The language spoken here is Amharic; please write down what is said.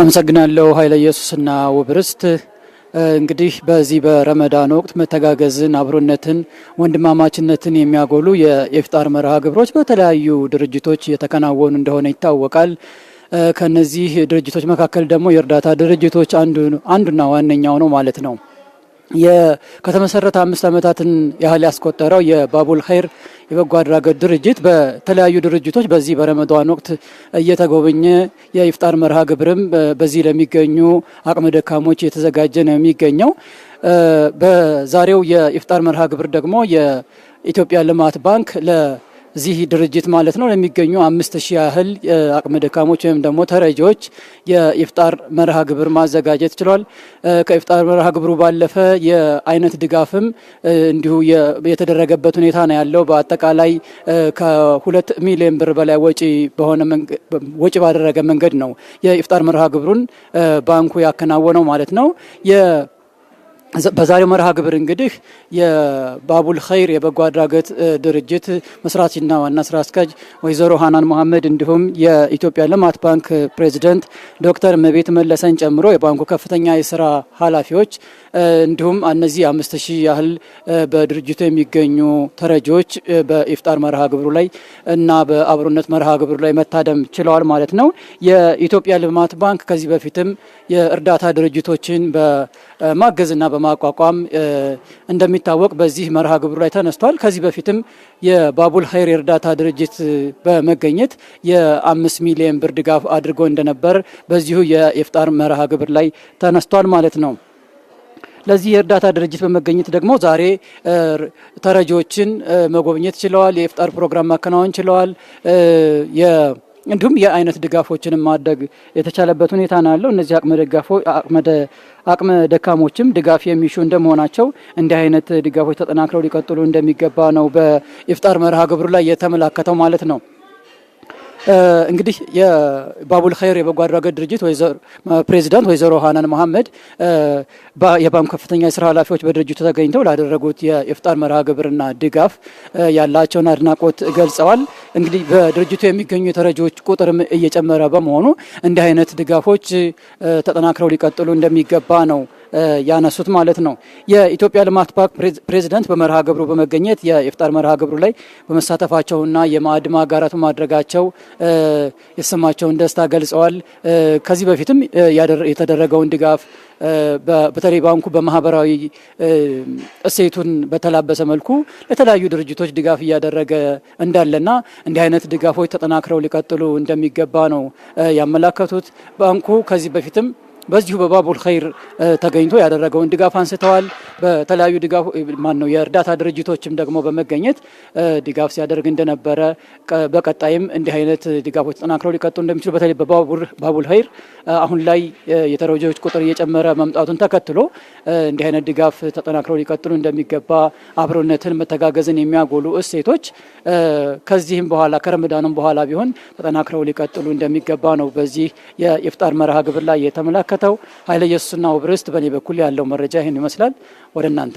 አመሰግናለሁ ኃይለ ኢየሱስና ውብርስት። እንግዲህ በዚህ በረመዳን ወቅት መተጋገዝን፣ አብሮነትን፣ ወንድማማችነትን የሚያጎሉ የኢፍጣር መርሃ ግብሮች በተለያዩ ድርጅቶች እየተከናወኑ እንደሆነ ይታወቃል። ከነዚህ ድርጅቶች መካከል ደግሞ የእርዳታ ድርጅቶች አንዱና ዋነኛው ነው ማለት ነው። ከተመሰረተ አምስት ዓመታትን ያህል ያስቆጠረው የባቡል ኸይር የበጎ አድራጎት ድርጅት በተለያዩ ድርጅቶች በዚህ በረመዷን ወቅት እየተጎበኘ የኢፍጣር መርሃ ግብርም በዚህ ለሚገኙ አቅመ ደካሞች እየተዘጋጀ ነው የሚገኘው። በዛሬው የኢፍጣር መርሃ ግብር ደግሞ የኢትዮጵያ ልማት ባንክ እዚህ ድርጅት ማለት ነው ለሚገኙ አምስት ሺህ ያህል አቅመ ደካሞች ወይም ደግሞ ተረጂዎች የኢፍጣር መርሃ ግብር ማዘጋጀት ችሏል። ከኢፍጣር መርሃ ግብሩ ባለፈ የአይነት ድጋፍም እንዲሁ የተደረገበት ሁኔታ ነው ያለው። በአጠቃላይ ከሁለት ሚሊዮን ብር በላይ ወጪ በሆነ ወጪ ባደረገ መንገድ ነው የኢፍጣር መርሃ ግብሩን ባንኩ ያከናወነው ማለት ነው። በዛሬው መርሃ ግብር እንግዲህ የባቡል ኸይር የበጎ አድራጎት ድርጅት መስራችና ዋና ስራ አስኪያጅ ወይዘሮ ሀናን መሀመድ እንዲሁም የኢትዮጵያ ልማት ባንክ ፕሬዚደንት ዶክተር መቤት መለሰን ጨምሮ የባንኩ ከፍተኛ የስራ ኃላፊዎች እንዲሁም እነዚህ አምስት ሺህ ያህል በድርጅቱ የሚገኙ ተረጂዎች በኢፍጣር መርሃ ግብሩ ላይ እና በአብሮነት መርሃ ግብሩ ላይ መታደም ችለዋል ማለት ነው። የኢትዮጵያ ልማት ባንክ ከዚህ በፊትም የእርዳታ ድርጅቶችን በ ማገዝና በማቋቋም እንደሚታወቅ በዚህ መርሃ ግብሩ ላይ ተነስቷል። ከዚህ በፊትም የባቡል ኸይር የእርዳታ ድርጅት በመገኘት የአምስት ሚሊዮን ብር ድጋፍ አድርጎ እንደነበር በዚሁ የኢፍጣር መርሃ ግብር ላይ ተነስቷል ማለት ነው። ለዚህ የእርዳታ ድርጅት በመገኘት ደግሞ ዛሬ ተረጂዎችን መጎብኘት ችለዋል። የኢፍጣር ፕሮግራም ማከናወን ችለዋል። እንዲሁም የአይነት ድጋፎችንም ማድረግ የተቻለበት ሁኔታ ነው ያለው። እነዚህ አቅመ ደካሞችም ድጋፍ የሚሹ እንደመሆናቸው እንዲህ አይነት ድጋፎች ተጠናክረው ሊቀጥሉ እንደሚገባ ነው በኢፍጣር መርሃ ግብሩ ላይ የተመላከተው ማለት ነው። እንግዲህ የባቡል ኸይር የበጎ አድራጎት ድርጅት ፕሬዚዳንት ወይዘሮ ሃናን መሐመድ የባንኩ ከፍተኛ የስራ ኃላፊዎች በድርጅቱ ተገኝተው ላደረጉት የኢፍጣር መርሃ ግብርና ድጋፍ ያላቸውን አድናቆት ገልጸዋል። እንግዲህ በድርጅቱ የሚገኙ የተረጂዎች ቁጥርም እየጨመረ በመሆኑ እንዲህ አይነት ድጋፎች ተጠናክረው ሊቀጥሉ እንደሚገባ ነው ያነሱት ማለት ነው። የኢትዮጵያ ልማት ባንክ ፕሬዚደንት በመርሃ ግብሩ በመገኘት የኢፍጣር መርሃ ግብሩ ላይ በመሳተፋቸውና የማዕድ ማጋራት በማድረጋቸው የተሰማቸውን ደስታ ገልጸዋል። ከዚህ በፊትም የተደረገውን ድጋፍ በተለይ ባንኩ በማህበራዊ እሴቱን በተላበሰ መልኩ ለተለያዩ ድርጅቶች ድጋፍ እያደረገ እንዳለና እንዲህ አይነት ድጋፎች ተጠናክረው ሊቀጥሉ እንደሚገባ ነው ያመላከቱት። ባንኩ ከዚህ በፊትም በዚሁ በባቡል ኸይር ተገኝቶ ያደረገውን ድጋፍ አንስተዋል። በተለያዩ ድጋፍ ማን ነው የእርዳታ ድርጅቶችም ደግሞ በመገኘት ድጋፍ ሲያደርግ እንደነበረ በቀጣይም እንዲህ አይነት ድጋፎች ተጠናክረው ሊቀጡ እንደሚችሉ በተለይ በባቡል ኸይር አሁን ላይ የተረጂዎች ቁጥር እየጨመረ መምጣቱን ተከትሎ እንዲህ አይነት ድጋፍ ተጠናክረው ሊቀጥሉ እንደሚገባ አብሮነትን፣ መተጋገዝን የሚያጎሉ እሴቶች ከዚህም በኋላ ከረመዳንም በኋላ ቢሆን ተጠናክረው ሊቀጥሉ እንደሚገባ ነው በዚህ የኢፍጣር መርሃ ግብር ላይ የተመላከ የተመለከተው። ኃይለ ኢየሱስና ውብርስት፣ በእኔ በኩል ያለው መረጃ ይህን ይመስላል። ወደ እናንተ